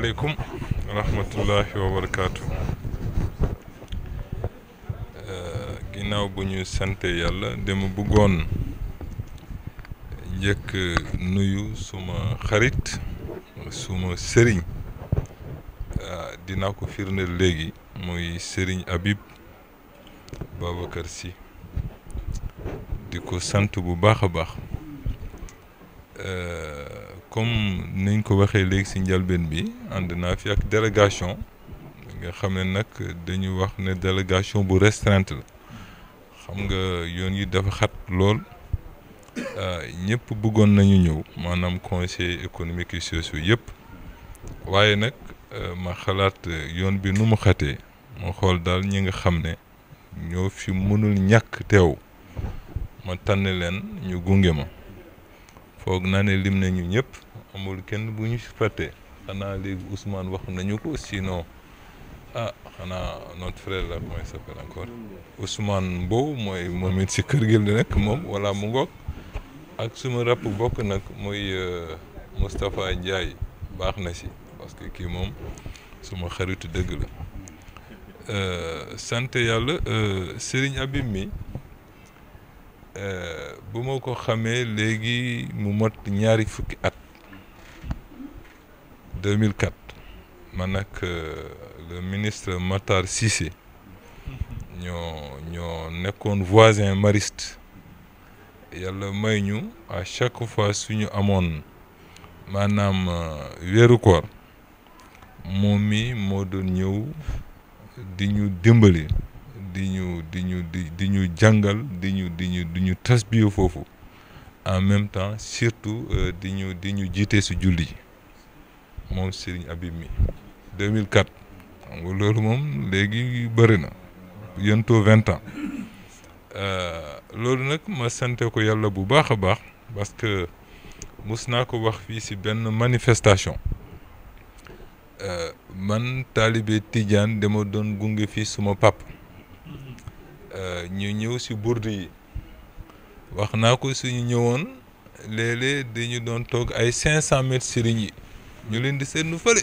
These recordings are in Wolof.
asalaamaaleykum wa rahmatullahi wa barakaatu euh, ginnaaw bu ñu santee yàlla dama bëggoon njëkk nuyu suma xarit suma sëriñ euh, dina ko firndeel léegi muy sëriñ abib Babacar si di ko sant bu baax a baax. Euh, comme niñ ko waxee léegi si njalbeen bi ànd naa fi ak délégation nga xam ne nag dañu wax ne délégation bu restreinte la xam nga yoon yi dafa xat lool euh, ñëpp bëggoon nañu ñëw maanaam conseil économique et social yëpp waaye nag euh, ma xalaat yoon bi nu mu xatee ma xool daal ñi nga xam ne ñoo fi mënul ñàkk teew ma tànn leen ñu gunge ma. foog naa ne lim nañu ñëpp amul kenn bu ñu si fàtte xanaa léegi Ousmane wax nañu ko sinon ah xanaa notre frère la mooy s'appelle encore Ousmane Mbow mooy moom si kër gi la nekk moom wala mu ngoog ak suma rap bokk nag mooy euh, Moustapha Ndiaye baax na si parce que kii moom suma xaritu dëgg la euh, sant yàlla euh, Serigne Abim mi. bu ma ko xamee léegi mu mot ñaari fukki at 2004 man nag euh, le ministre Matar Cissé ñoo ñoo nekkoon voisin mariste yàlla may ñu à chaque fois suñu amoon maanaam euh, weeru koor moom mi moo doon ñëw di ñu dimbali di ñu di ñu di di ñu jàngal di ñu di ñu di foofu en même temps surtout euh, di ñu di ñu jiite si julli ji moom Serigne Habib mi 2004 xam nga loolu moom léegi bëri na bientôt vingt ans euh, loolu nag ma sante ko yàlla bu baax a baax parce que mus naa ko wax fii si benn manifestation euh, man taalibe Tidiane dama doon gunge fii suma pap Euh, ñu ñëw si burdu yi wax naa ko suñu ñëwoon léeg-léeg dañu doon toog ay cinq cent mètres sëriñ yi ñu leen di seetlu fële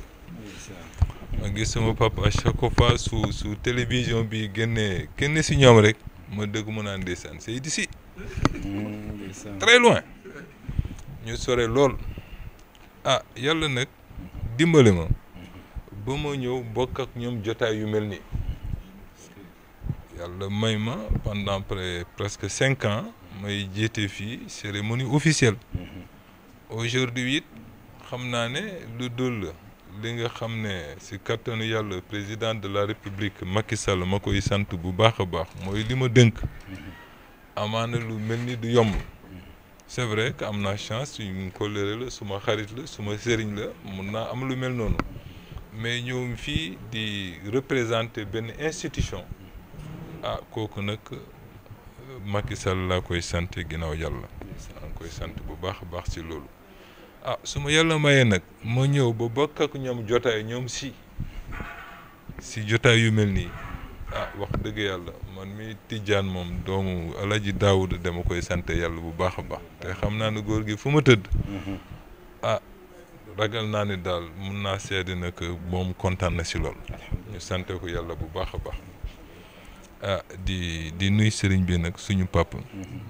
ma gis sama papa à chaque fois su su télévision bi génnee kenn si ñoom rek ma dëgg mu naan ndeysaan c'est d'ici très loin ñu sore lool ah yàlla nag dimbali ma ba ma ñëw bokk ak ñoom jotaay yu mel ni yàlla may ma pendant près presque cinq ans may jiite fii cérémonie officielle mm-hmm. aujourd'hui it xam naa ne lu dul li nga xam ne si kattanu yàlla président de la république Macky Sall ma koy sant bu baax a baax mooy li ma dënk mm-hmm. amaana lu mel ni du yomb mm-hmm. c'est vrai que am naa chance suñu colère la suma xarit la suma sëriñ la mun naa am lu mel noonu mais ñoom fii di représenter benn institution ah kooku nag Macky Sall laa koy sant ginnaaw yàlla maa koy sant bu baax a baax si loolu ah su ma yàlla mayee nag ma ñëw ba bokk ak ñoom jotaay ñoom si si jotaay yu mel nii ah wax dëgg yàlla man mi tijjaan moom doomu Alaaji Daawuda dama koy sant yàlla bu baax a baax te xam naa ni góor gi fu ma tëdd ah ragal naa ni daal mun naa sedd na que moom kontaan na si lool ñu sante ko yàlla bu baax a baax Ah, di di nuy sëriñ bi nag suñu pàpp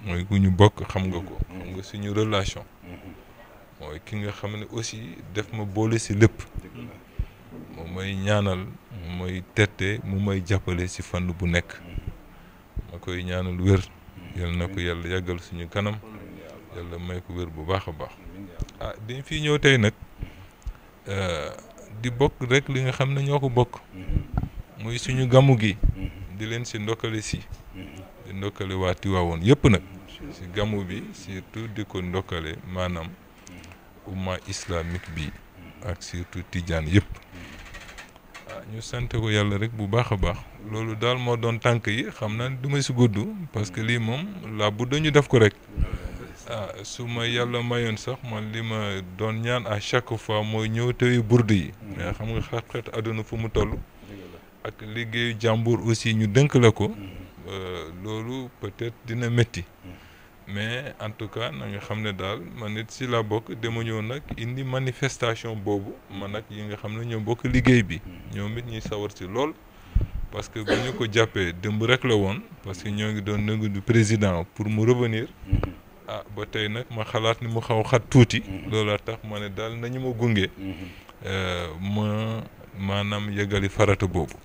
mooy ku ñu bokk xam nga ko. Mm-hmm. xam nga suñu relation. Mm-hmm. mooy ki nga xam ne aussi def ma boole si lépp. moom mooy ñaanal. mu may tette mu may jàppale si fànn bu nekk. Mm-hmm. ma koy ñaanal wér. yal na ko yàlla yàggal suñu kanam. yàlla may ko wér bu baax a baax. ah dañ fi ñëw tey nag. Ah, di bokk rek li nga xam ne ñoo ko bokk. muy suñu gamu gi. di leen si ndokkale si mm-hmm. di ndokkale waa Tiwaawoon yëpp nag si gamu bi surtout di ko ndokkale maanaam mm-hmm. umma islamique bi ak surtout tijaan yëpp mm-hmm. ah, ñu sante ko yàlla rek bu baax a baax loolu daal moo doon tànk yi xam naa du ma si gudd parce que lii moom laa bu dañu def ko rek ah su ma yàlla mayoon sax man li ma doon ñaan à chaque fois mooy ñëw te burdu yi mais xam nga xat-xat àdduna fu mu toll ak liggéeyu jàmbur aussi ñu dënk la ko mm-hmm. euh, loolu peut-être dina métti mm-hmm. mais en tout cas na nga xam ne daal man nit si la bokk dama ñëw nag indi manifestation boobu man nag yi nga xam ne ñoo bokk liggéey bi mm-hmm. ñoo mit ñi sawar si lool parce que bu ñu ko jàppee dëmb rek la woon parce que ñoo ngi doon nangu du président pour mu revenir ah ba tey nag ma xalaat ni mu xaw xat tuuti loolu tax ma ne daal nañu ma gunge euh, ma maanaam yëgali farata boobu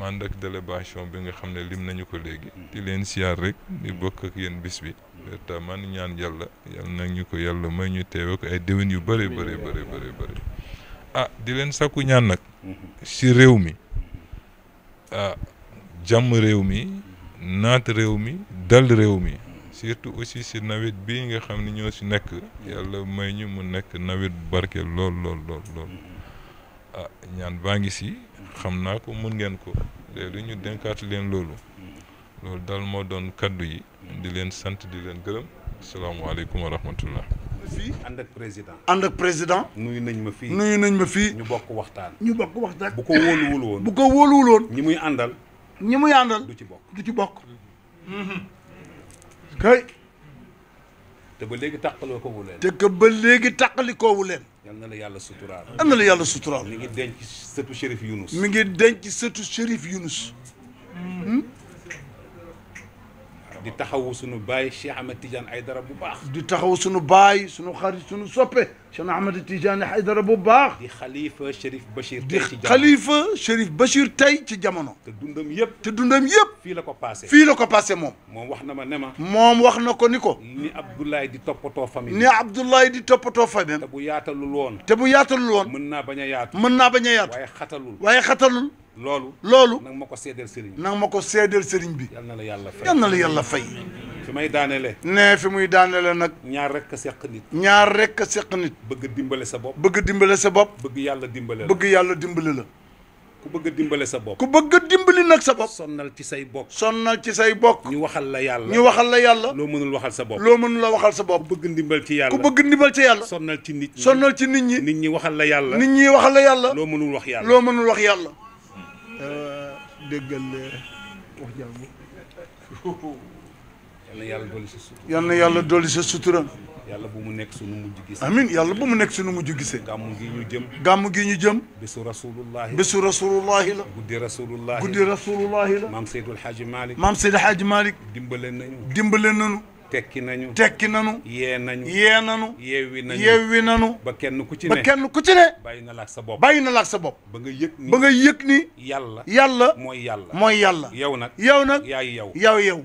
ànd ak délégation bi nga xam ne lim nañu ko léegi. di leen siyaar rek di mm. bokk ak yéen bis bi. Mm. te man ñaan yàlla yal na ñu ko yàlla mooy ñu teewe ko ay déwén yu bëree bëri bëri bëri. ah di leen sakku ñaan nag. Mm-hmm. si réew mi mm-hmm. ah jàmm réew mi mm-hmm. naat réew mi dal réew mi. surtout aussi si nawet bii nga xam ne ñoo si nekk. yàlla may ñu mu nekk nawet barke lool lool lool lool. ah ñaan baa ngi si xam naa ko mun ngeen ko lu ñu dénkaat leen loolu loolu daal moo doon kaddu yi di leen sant di leen gërëm asalaamaaleykum wa rahmatullah fii ànd président ànd ak président nuyu nañ ma fii nuyu nañ ma fii ñu bokk waxtaan ñu bokk waxtaan bu ko wóoluwul woon bu ko wóoluwul woon ñi muy àndal ñi muy àndal du ci bokk du ci bokk mhm. te ba léegi tàqalikoowu leen. te que ba léegi tàqalikoowu leen. yal na la yàlla suturaal. yal na la yàlla suturaal. mi ngi denc sëtu shérif Yunus. mi ngi denc sëtu shérif Yunus. Hmm? di taxawu sunu baay Cheikh Ahmed Tidiane Aydara bu baax. di taxawu sunu baay sunu xarit sunu soppe Cheikh Ahmed Tidiane Aydara bu baax. di xalifa Cherif Bachir. tey ci jamono di xalifa Cherif tey ci jamono. te dundam yëpp. te dundam yëpp. fii la ko paase. fii la ko paase moom. moom wax na ma ne ma. moom wax na ko ni ko. ni Abdoulaye di toppatoo famille. ni Abdoulaye di toppatoo famille. te bu yaatalul woon. te bu yaatalul woon. mën naa bañ a yaatu. mën naa bañ a yaatu. waaye xatalul. loolu. loolu na nga ma ko seedeel sëriñ bi na ma ko seedeel sëriñ bi. yal na la yàlla fay yal na la yàlla fay. fi may daaneele. nee fi muy daaneele nag. ñaar rek seq nit. ñaar rek a seq nit. bëgg dimbale sa bopp. bëgg dimbale sa bopp. bëgg yàlla dimbale la bëgg yàlla dimbale la. ku bëgg a dimbale sa bopp. ku bëgg a nag sa bopp. sonnal ci say bokk. sonnal ci say bokk. ñu waxal la yàlla. ñu waxal la yàlla. loo mënul waxal sa bopp. loo mënul la waxal sa bopp. bëgg ndimbal ci yàlla. ku bëgg ndimbal ci yàlla. sonnal ci nit ñi. sonnal ci nit ñi. nit ñi waxal la yàlla. nit ñi waxal la yàlla. loo mënul wax yàlla. loo mënul wax yàlla. Euh, déggal euh, wax jàmm. yal na yàlla dolli sa sutura. yal na yàlla dolli sa sutura. yàlla bu mu nekk sunu mujj gisee. amiin yàlla bu mu nekk sunu mujj gisee. gàmm gi ñu jëm. gàmm gi ñu jëm. bésu rasulullahi. bésu rasulullahi la. guddi rasulullahi. guddi rasulullahi la. maam Seydou El Hadj Malick. maam Seydou El Hadj Malick. dimbale nañu. dimbale nañu. tekki nanu tekki nañu yee nañu yee nañu yeewi nañu yeewi nañu ba kenn ku ci ba kenn ku ci bàyyi na laak sa bopp bàyyi na laak sa bopp ba nga yëg ni ba nga yëg ni yàlla yàlla mooy yàlla mooy yàlla yow nag yow nag yaay yow yow yow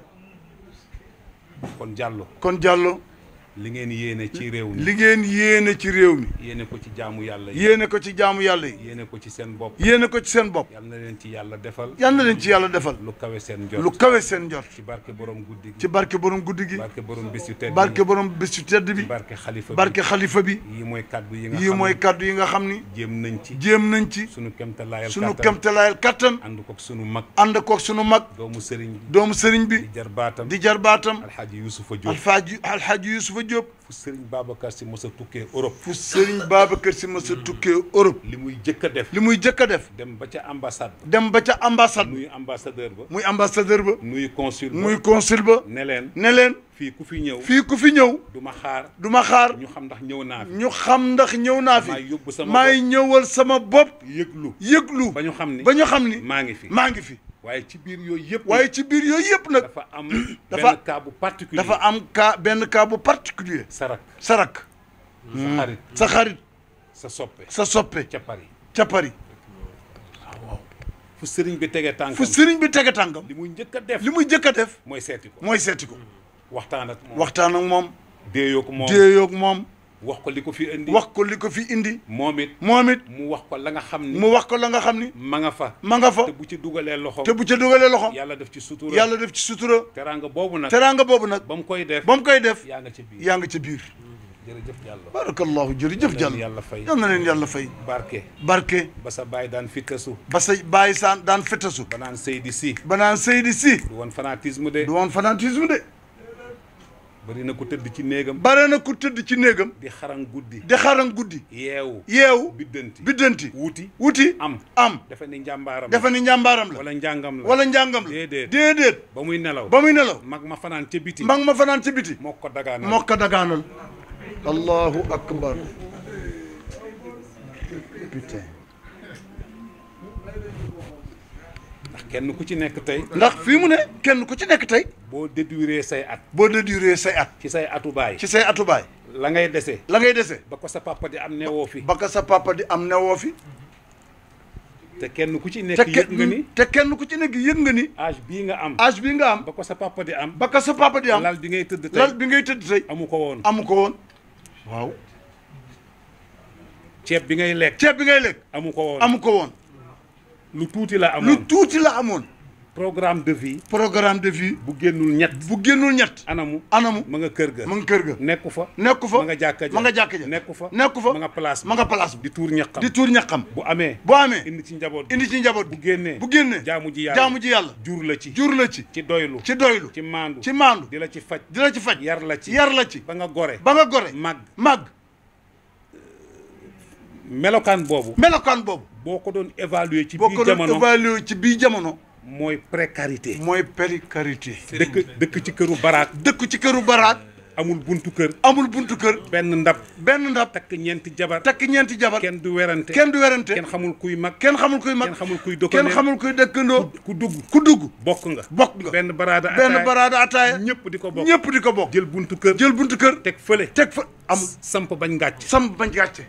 kon jàllo kon jàllo li ngeen yéene ci réew mi li ngeen yéene ci réew mi. yéene ko ci jaamu yàlla yi. yéene ko ci jaamu yàlla yi. ko ci seen bopp. yéene ko ci seen bopp. yal na leen ci yàlla defal. yal na leen ci yàlla defal. lu kawe seen njort lu kawe seen njort. ci barke borom guddi gi ci barke borom guddi gi. barke borom bés yu tedd bi barke borom bés yu tedd bi. barke xalifa bi barke xalifa bi. mooy kaddu yi nga mooy kaddu yi nga xam ni. jéem nañ ci jéem nañ ci. sunu kemtalaayal kattan sunu kemtalaayal kattan. ànd koog sunu mag. ànd koog sunu mag. doomu sëriñ bi doomu sëriñ bi. di jarbaatam di jarbaatam. alxaaji Yusufa Jóob Diop fu Serigne Babacar Sy mës a tukkee Europe. fu Serigne Babacar Sy mës a mm. tukkee Europe. li muy jëkk a def. li muy jëkk a def. dem ba ca ambassade. dem ba ca ambassade. muy ambassadeur ba. muy ambassadeur ba. muy consul ba muy consul ne leen ne leen. fii ku fi ñëw fii ku fi ñëw. du ma xaar du ma xaar. ñu xam ndax ñëw naa fi. ñu xam ndax ñëw naa fi. maay yóbbu sama bopp maay ñëwal sama bopp. yëglu yëglu. ba ñu xam ni ba ñu xam ni maa ngi fi maa ngi fi. waaye ci biir yooyu yëpp. waaye ci biir yooyu yëpp nag. dafa am benn cas bu dafa am cas benn kaabu bu particulier. sarak sarak. Hmm. sa xarit sa sa soppe sa soppe. ca Paris ah, fu sëriñ bi tege tànkam sëriñ bi tege tànkam. li muy njëkk a def li muy njëkk a def. mooy seeti ko mooy seeti ko. Hmm. waxtaan ak moom waxtaan ak moom. déeyoo ak moom. wax ko li ko fi indi. wax ko li ko fi indi. moom it moom it. mu wax ko la nga xam ni. mu wax ko la nga xam ni. ma nga fa ma nga fa. te bu ci dugalee loxo. te bu ci dugalee loxo. yàlla def ci sutura yàlla def ci sutura. teraanga boobu nag teraanga boobu nag. ba mu koy def ba mu koy def. yaa nga ca biir yaa nga ca biir. Mm, jërëjëf Diallo barakallahu jërëjëf Diallo yàlla fay yal na leen yàlla fay barke barke ba sa baay daan fittasu ba sa baay saan daan fittasu banaan Seydi Si banaan Seydi Si du woon fanatisme de du woon fanatisme de bari na ko tëdd ci néegam. bari na ko tëdd ci néegam. di xaran guddi. di xaran guddi. yeewu. yeewu biddanti biddanti. wuti wuti am am. dafa ni njàmbaaram la dafa ni njàmbaaram la. njàngam la wala njàngam déedéet ba muy nelaw ba muy nelaw. mag ma fanaan ca biti. mag ma fanaan ca biti. moo ko dagaanal moo ko dagaanal. allahu akbar. kenn ku ci nekk tey. ndax fii mu ne kenn ku ci nekk tey. boo déduire say at. boo déduire say at. ci say atu baay. ci say atu baay. la ngay dese. la ngay dese. ba ko sa papa di am newoo fi. ba ko sa papa di am newoo fi. te kenn ku ci nekk yëg nga ni te kenn ku ci nekk yëg nga ni âge bii nga am âge bii nga am ba ko sa papa di am ba ko sa papa di am lal bi ngay tëdd tey bi ngay tëdd tey amu ko woon amu ko woon waaw ceeb bi ngay lekk ceeb bi ngay lekk amu ko woon amu ko woon lu tuuti la amoon lu tuuti la amoon. programme de vie. programme de vie. bu génnul ñett bu génnul ñett. anamu anamu ma nga kër ga. ma kër ga nekku fa. nekku fa ma nga jàkka ja nga jàkka ja nekku fa. nekku fa ma nga place ma nga place di tuur ñaqam di tuur ñaqam. bu amee bu amee indi ci njaboot indi ci njaboot bu génnee bu génnee jaamu ji yàlla jaamu ji yàlla. jur la ci jur la ci. ci doylu ci doylu. ci maandu ci maandu. di la ci faj di la ci faj. yar la ci yar la ci. ba nga gore ba nga gore. màgg màgg. melokaan boobu. melokaan boobu. boo ko doon évalué ci biir jamono boo ko doon ci biir jamono. mooy précarité. mooy précarité. dëkk dëkk ci këru baraak. dëkk ci këru baraak. amul buntu kër. amul buntu kër. benn ndab. benn ndab takk ñeenti jabar. takk ñeenti jabar. kenn du werante. kenn du werante. kenn xamul kuy mag. kenn xamul kuy mag. kenn xamul kuy dëkkandoo. kenn xamul kuy dëkkandoo. ku dugg ku dugg. bokk nga. bokk nga benn baraada. ataaya benn baraada ñëpp di ko bokk ñëpp di ko bokk. jël buntu kër. jël buntu kër. teg fële. teg fa amul samp bañ ngàcce. samp bañ ngàcce.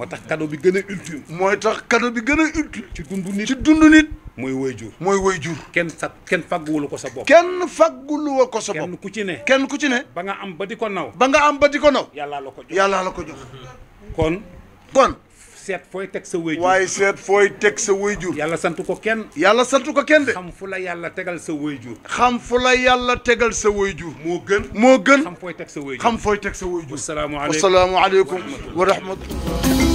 moo tax cadeau bi gën a ultime. mooy tax cadeau bi gën ci dundu nit ci dundu mooy woy jur mooy woy jur. kenn sa kenn fagguwul ko sa bopp. kenn fagguwul ko sa bopp. kenn ku ci ne. kenn ku ci ne. ba nga am ba di ko naw. ba nga am ba di naw. yàllaa la ko jox la ko jox. kon. kon. seet fooy teg sa wéyjur waaye seet fooy teg sa wéyjur. yàlla sant ko kenn. yàlla sant ko kenn de. xam fu la yàlla tegal sa wéyjur. xam fu la yàlla tegal sa wéyjur. moo gën moo gën. xam fooy teg sa wéyjur xam fooy teg sa wéyjur. asalaamaaleykum wa rahmatulah.